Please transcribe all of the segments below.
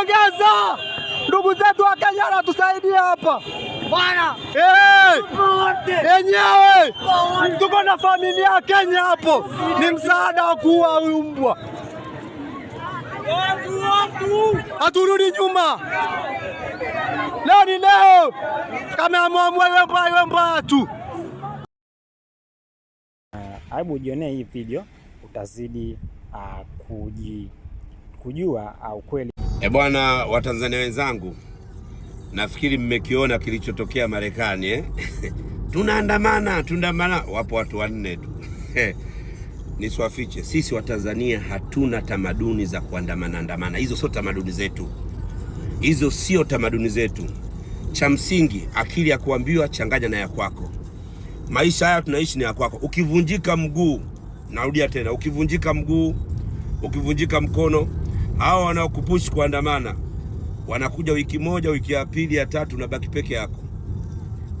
Tunaongeza ndugu zetu wa Kenya wanatusaidie hapa bwana, yenyewe tuko na familia ya Kenya hapo, ni msaada wa kuua mbwa. Haturudi nyuma, leo ni leo, kama amwamua iwe mbwa tu. Aibu ah, ujionee hii video utazidi uh, kuji, kujua uh, E bwana, Watanzania wenzangu, nafikiri mmekiona kilichotokea Marekani eh? Tunaandamana, tunaandamana, wapo watu wanne tu nisiwafiche, sisi Watanzania hatuna tamaduni za kuandamana andamana, hizo sio tamaduni zetu, hizo sio tamaduni zetu. Cha msingi akili ya kuambiwa changanya na ya kwako. Maisha haya tunaishi ni ya kwako. Ukivunjika mguu, narudia tena, ukivunjika mguu, ukivunjika mkono hao wanaokupushi kuandamana wanakuja wiki moja, wiki ya pili, ya tatu, baki peke yako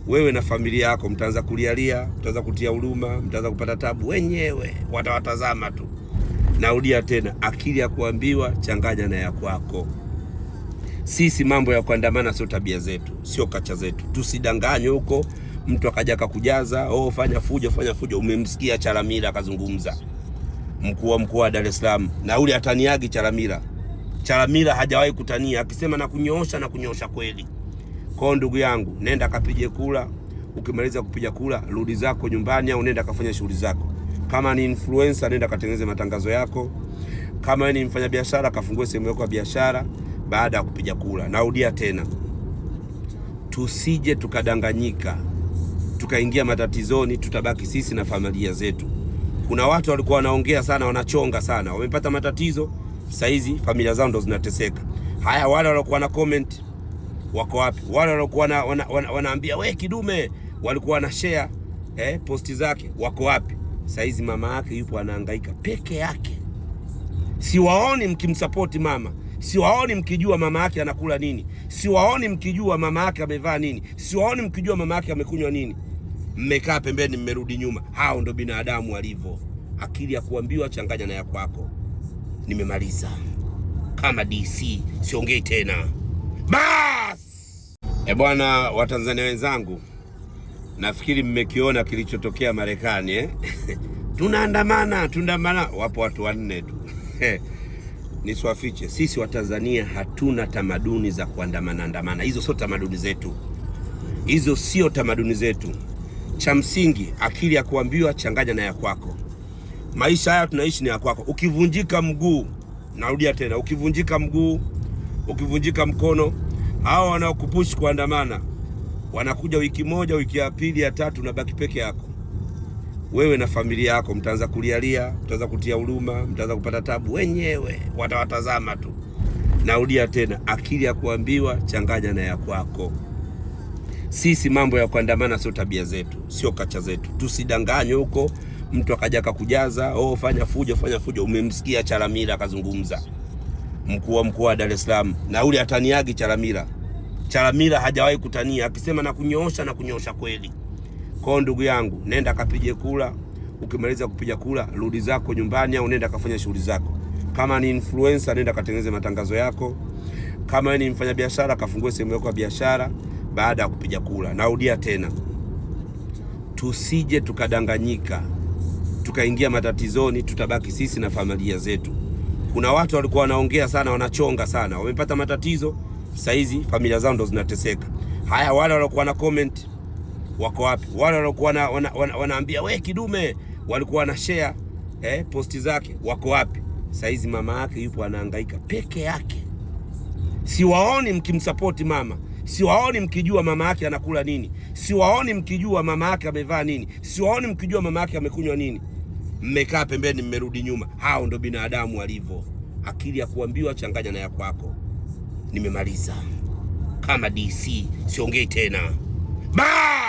wewe na familia yako. Mtaanza kulialia, mtaanza kutia huruma, mtaanza kupata tabu wenyewe, watawatazama tu. Narudia tena, akili ya kuambiwa changanya na ya kwako. Sisi mambo ya kuandamana sio tabia zetu, sio kacha zetu, tusidanganywe huko. Mtu akaja akakujaza, oh, fanya fujo, fanya fujo. Umemsikia Chalamila akazungumza, mkuu wa mkoa wa Dar es Salaam, na ule ataniagi Chalamila Chalamila hajawahi kutania, akisema na kunyoosha na kunyoosha kweli. Kwao ndugu yangu, nenda kapige kula. Ukimaliza kupiga kula, rudi zako nyumbani, au nenda kafanya shughuli zako. Kama ni influencer, nenda katengeneze matangazo yako. Kama ni mfanyabiashara, kafungue sehemu yako ya biashara baada ya kupiga kula. Narudia tena, tusije tukadanganyika tukaingia matatizoni, tutabaki sisi na familia zetu. Kuna watu walikuwa wanaongea sana, wanachonga sana, wamepata matatizo sasa hizi familia zao ndo zinateseka. Haya, wale walokuwa na comment wako wapi? Wale walokuwa na wana, wana, we kidume, walikuwa na share eh, posti zake wako wapi? Sasa hizi mama yake yupo anahangaika peke yake, siwaoni mkimsapoti mama siwaoni mkijua mama yake anakula nini, siwaoni mkijua mama yake amevaa nini, siwaoni mkijua mama yake amekunywa nini. Mmekaa pembeni, mmerudi nyuma. Hao ndo binadamu walivyo. Akili ya kuambiwa changanya na ya kwako nimemaliza kama DC, siongei tena bas. E bwana, Watanzania wenzangu, nafikiri mmekiona kilichotokea Marekani eh? Tunaandamana, tunaandamana, wapo watu wanne tu nisiwafiche, sisi Watanzania hatuna tamaduni za kuandamana andamana, hizo sio tamaduni zetu, hizo sio tamaduni zetu. Cha msingi akili ya kuambiwa changanya na ya kwako maisha haya tunaishi ni ya kwako. Ukivunjika mguu, narudia tena, ukivunjika mguu, ukivunjika mkono, hao wanaokupush kuandamana wanakuja wiki moja, wiki ya pili, ya tatu, unabaki peke yako wewe na familia yako. Mtaanza kulialia, mtaanza kutia huruma, mtaanza kupata tabu wenyewe, watawatazama tu. Narudia tena, akili ya kuambiwa changanya na ya kwako. Sisi mambo ya kuandamana sio tabia zetu, sio kacha zetu, tusidanganywe huko mtu akaja kakujaza, oh, fanya fujo, fanya fujo. Umemsikia Chalamila akazungumza, mkuu wa mkoa wa Dar es Salaam, na ule ataniagi Chalamila. Chalamila hajawahi kutania, akisema na kunyoosha na kunyoosha kweli. Kwa ndugu yangu, nenda kapige kula, ukimaliza kupiga kula rudi zako nyumbani, au nenda kafanya shughuli zako. Kama ni influencer, nenda katengeneze matangazo yako. Kama ni mfanyabiashara, kafungue sehemu yako ya biashara baada ya kupiga kula. Narudia tena, tusije tukadanganyika tukaingia matatizoni, tutabaki sisi na familia zetu. Kuna watu walikuwa wanaongea sana, wanachonga sana, wamepata matatizo, saizi familia zao ndo zinateseka. Haya, wale waliokuwa na comment wako wapi? Wale waliokuwa na wanaambia wana, wana, we kidume, walikuwa na share eh, posti zake wako wapi? Saizi mama yake yupo anahangaika peke yake, siwaoni mkimsapoti mama siwaoni mkijua mama yake anakula nini, siwaoni mkijua mama yake amevaa nini, siwaoni mkijua mama yake amekunywa nini mmekaa pembeni, mmerudi nyuma. Hao ndo binadamu walivyo. Akili ya kuambiwa changanya na ya kwako. Nimemaliza kama DC, siongei tena. Bye!